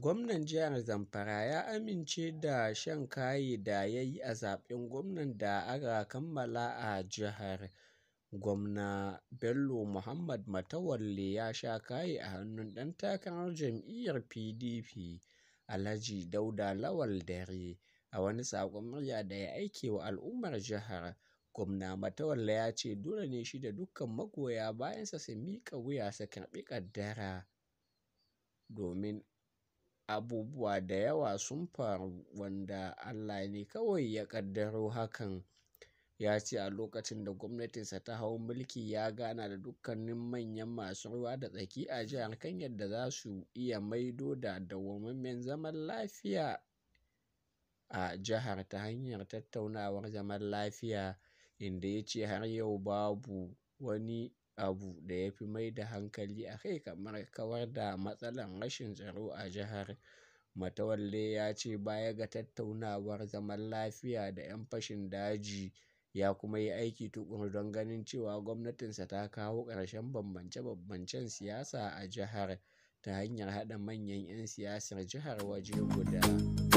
Gwamnan Jihar Zamfara ya amince da shan kaye da ya yi a zaɓen gwamnan da aka kammala a jihar, Gwamna Bello Muhammad Matawalle ya sha kaye a hannun ɗan takarar jam'iyyar PDP, Alhaji Dauda Lawal Dare. A wani saƙon murya da ya aike wa al'ummar jihar, Gwamna Matawalle ya ce dole ne shi da dukkan magoya bayansa su miƙa wuya su karɓi ƙaddara, domin abubuwa da yawa sun faru wanda Allah ne kawai ya ƙaddaro hakan. Ya ce a lokacin da gwamnatinsa ta hau mulki ya gana da dukkanin manyan masu ruwa da tsaki a jihar kan yadda za su iya maido da dawwammamen zaman lafiya a jihar ta hanyar tattaunawar zaman lafiya inda ya ce har yau babu wani abu da ya fi mai da hankali a kai kamar kawar da matsalar rashin tsaro a jihar. Matawalle ya ce baya ga tattaunawar zaman lafiya da 'yan fashin daji ya kuma yi aiki tuƙuru don ganin cewa gwamnatinsa ta kawo ƙarshen bambance-bambancen siyasa a jihar ta hanyar haɗa manyan 'yan siyasar jihar waje guda.